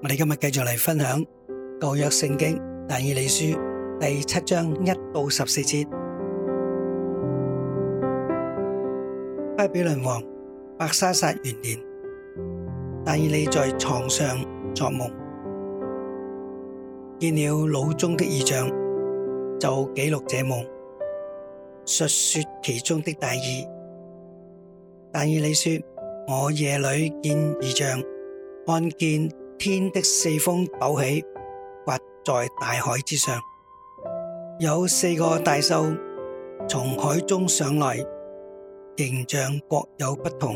我哋今日繼續嚟分享舊約聖經但以理書第七章一到十四節。巴比倫王伯沙撒元年，但以理在床上作夢，見了腦中的異象，就記錄這夢，述說其中的大意。但以理說：我夜裏見異象，看見。天的四風陡起，颳在大海之上。有四個大獸從海中上來，形象各有不同。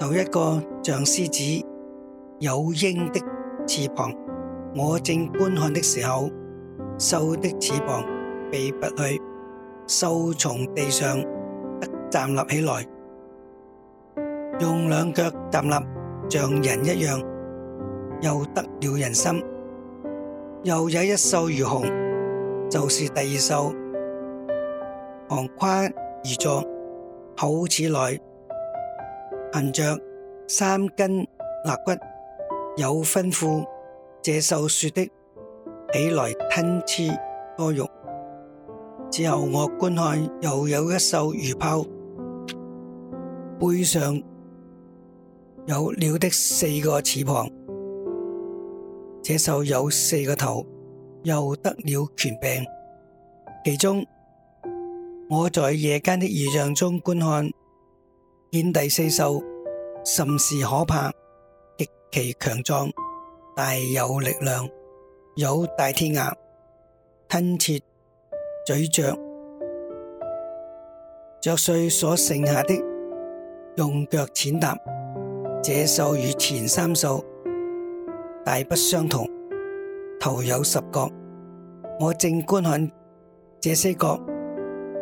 頭一個像獅子，有鷹的翅膀。我正觀看的時候，獸的翅膀被拔去，獸從地上站立起來，用兩腳站立。像人一樣，又得了人心，又有一獸如熊，就是第二獸，昂跨而坐，口齒內含着三根肋骨，有吩咐。這獸說的起來吞吃多肉。之後我觀看，又有一獸如豹，背上。有鳥的四個翅膀，這獸有四個頭，又得了權柄。其中，我在夜間的異象中觀看，見第四獸甚是可怕，極其強壯，大有力量，有大鐵牙吞吃咀嚼，嚼碎所剩下的，用腳踐踏。這獸與前三獸大不相同，頭有十角。我正觀看這些角，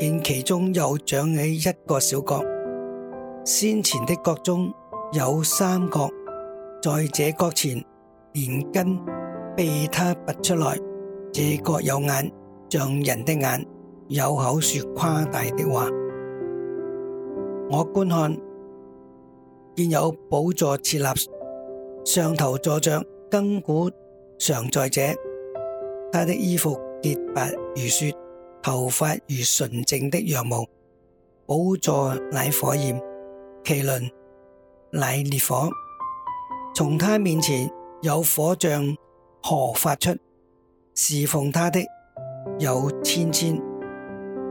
見其中又長起一個小角。先前的角中有三角，在這角前連根被他拔出來。這角有眼，像人的眼，有口說誇大的話。我觀看。見有寶座設立，上頭坐着亙古常在者，他的衣服潔白如雪，頭髮如純淨的羊毛。寶座乃火焰，其輪乃烈火，從他面前有火像何發出。侍奉他的有千千，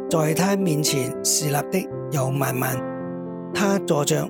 在他面前侍立的有萬萬，他坐着。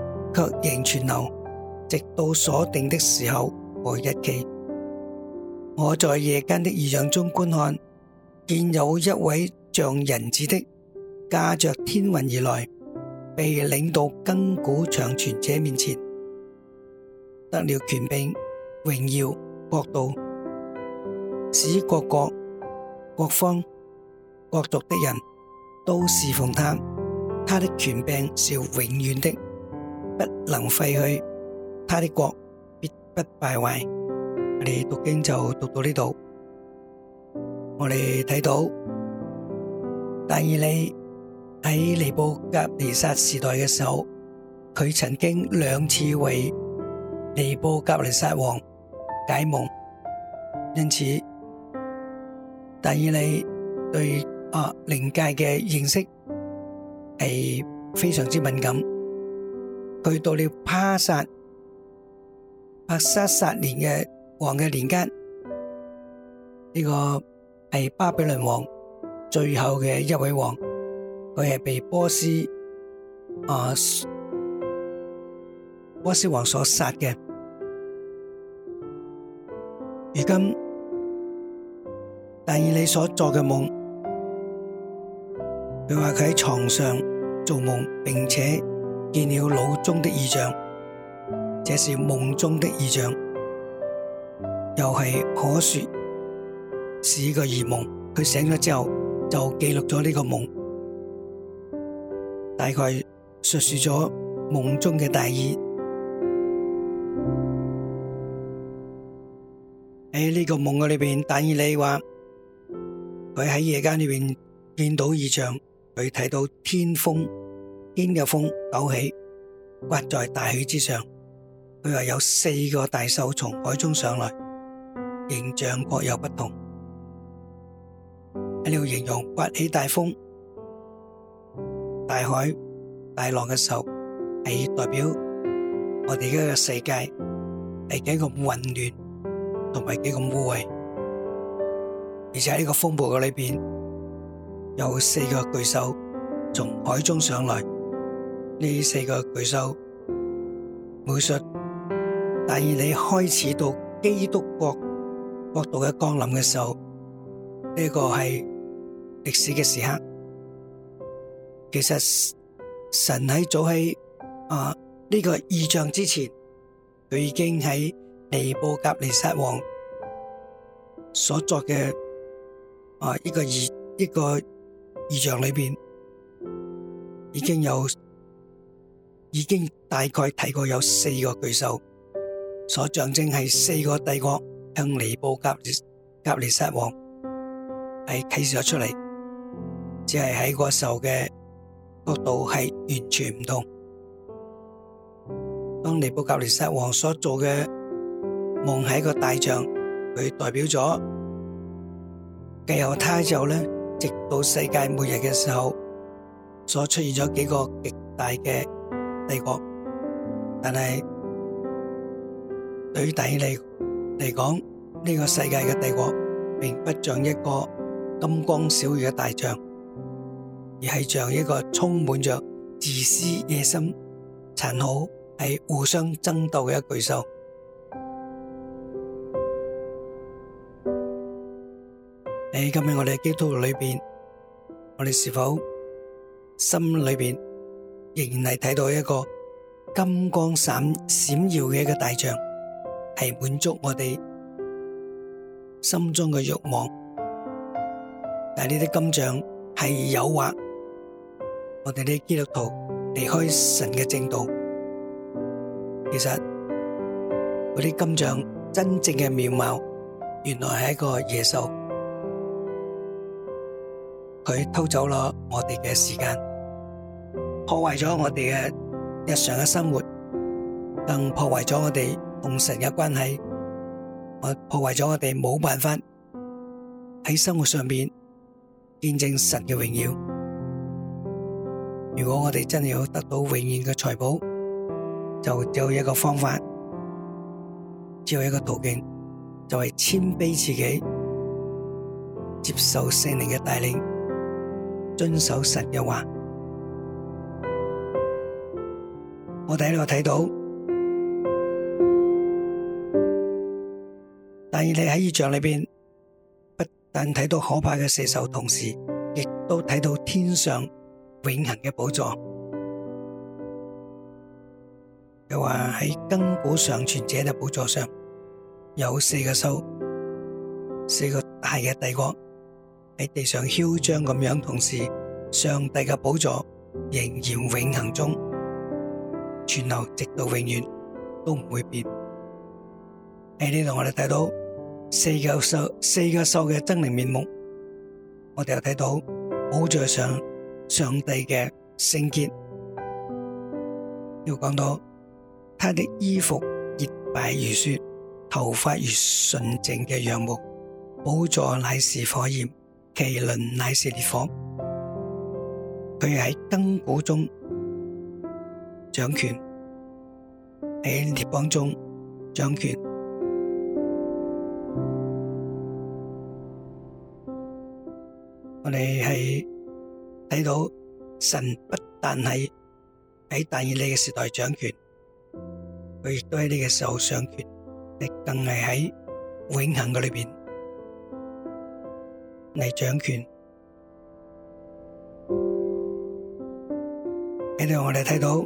卻仍存留，直到所定的時候和日期。我在夜間的異象中觀看，見有一位像人子的駕着天雲而來，被領到根古長存者面前，得了權柄、榮耀、國度，使各國、各方、各族的人都侍奉他。他的權柄是永遠的。不能廢去他的國，必不敗壞。我哋讀經就讀到呢度，我哋睇到但以理喺尼布甲尼撒時代嘅時候，佢曾經兩次為尼布甲尼撒王解夢，因此但以理對啊靈界嘅認識係非常之敏感。去到了帕沙帕沙撒年嘅王嘅年間，呢、這個係巴比倫王最後嘅一位王，佢係被波斯、啊、波斯王所殺嘅。如今，但以理你所做嘅夢，佢話佢喺床上做夢，並且。見了腦中的異象，這是夢中的異象，又係可說是一個異夢。佢醒咗之後就記錄咗呢個夢，大概述說咗夢中嘅大意。喺呢個夢嘅裏面，但以理話佢喺夜間裏面見到異象，佢睇到天風。天嘅風抖起，颳在大海之上。佢話有四個大獸從海中上來，形象各有不同。喺度形容颳起大風、大海、大浪嘅時候，係代表我哋而家嘅世界係幾咁混亂，同埋幾咁污穢。而且喺呢個風暴嘅裏邊，有四個巨獸從海中上來。呢四個巨獸，武術，第二你開始到基督國國度嘅降臨嘅時候，呢個係歷史嘅時刻。其實神喺早喺啊呢個異象之前，佢已經喺尼布甲尼撒王所作嘅啊一個異一個異象裏邊已經有。已經大概睇過有四個巨獸，所象徵係四個帝國向尼布甲尼撒王係啟示咗出嚟，只係喺個獸嘅角度係完全唔同。當尼布甲尼撒王所做嘅夢係一個大象，佢代表咗繼由他之後咧，直到世界末日嘅時候，所出現咗幾個極大嘅。帝國，但係對於弟兄嚟嚟講，呢個世界嘅帝國，並不像一個金光閃耀嘅大象，而係像一個充滿着自私野心、殘酷係互相爭鬥嘅一個巨獸。喺今日我哋基督徒裏邊，我哋是否心裏邊？仍然係睇到一個金光閃閃耀嘅一個大像，係滿足我哋心中嘅慾望。但係呢啲金像係誘惑我哋啲基督徒離開神嘅正道。其實嗰啲金像真正嘅面貌，原來係一個野獸，佢偷走咗我哋嘅時間。破壞咗我哋嘅日常嘅生活，更破壞咗我哋同神嘅關係，破壞我破壞咗我哋冇辦法喺生活上面見證神嘅榮耀。如果我哋真係要得到永遠嘅財寶，就只有一個方法，只有一個途徑，就係謙卑自己，接受聖靈嘅帶領，遵守神嘅話。我哋呢個睇到，但係你喺意象裏邊不但睇到可怕嘅四獸，同時亦都睇到天上永恒嘅寶座。又話喺亙古常存者嘅寶座上有四個獸，四個大嘅帝國喺地上囂張咁樣，同時上帝嘅寶座仍然永恒中。傳流直到永遠都唔會變，喺呢度我哋睇到四舊獸，四舊獸嘅猙獰面目，我哋又睇到寶座上上帝嘅聖潔，要講到他的衣服潔白如雪，頭髮如純淨嘅羊毛，寶座乃是火焰，其輪乃是烈火，佢喺燈古中。掌權喺列邦中掌權，我哋係睇到神不但係喺大義利嘅時代掌權，佢亦都喺呢個時候掌權，亦更係喺永恒嘅裏邊嚟掌權。喺呢度，我哋睇到。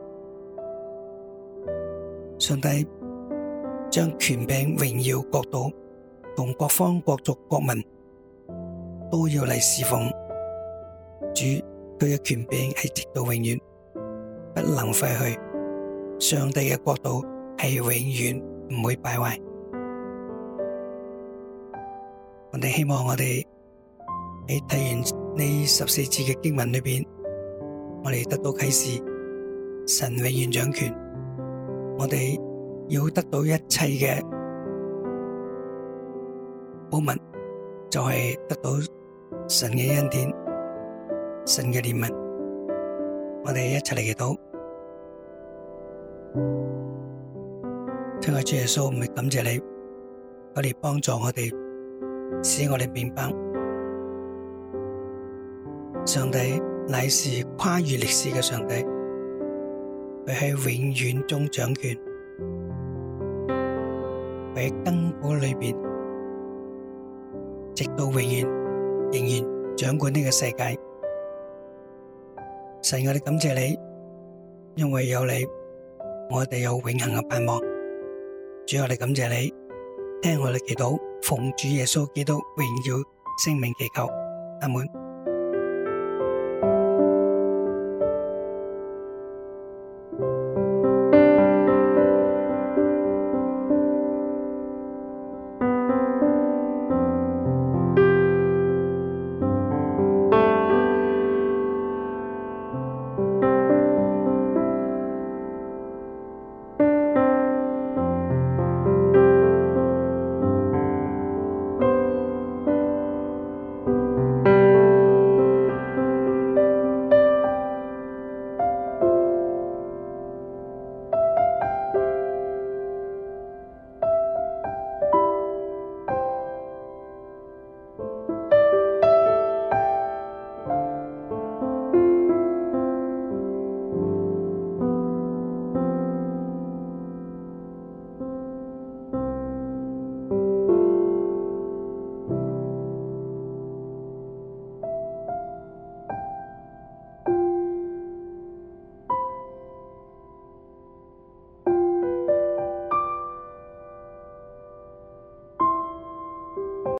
上帝將權柄榮耀國度，同各方各族國民都要嚟侍奉主。佢嘅權柄係直到永遠，不能廢去。上帝嘅國度係永遠唔會敗壞。我哋希望我哋喺睇完呢十四次嘅經文裏面，我哋得到啟示：神永遠掌權。我哋要得到一切嘅保物，就係得到神嘅恩典、神嘅憐憫。我哋一齊嚟祈禱，親愛主耶穌，唔係感謝你，我哋幫助我哋，使我哋明白，上帝乃是跨越歷史嘅上帝。佢喺永遠中掌權，佢喺燈火裏邊，直到永遠仍然掌管呢個世界。神，我哋感謝你，因為有你，我哋有永恆嘅盼望。主，我哋感謝你，聽我哋祈禱，奉主耶穌基督榮耀聖名祈求，阿門。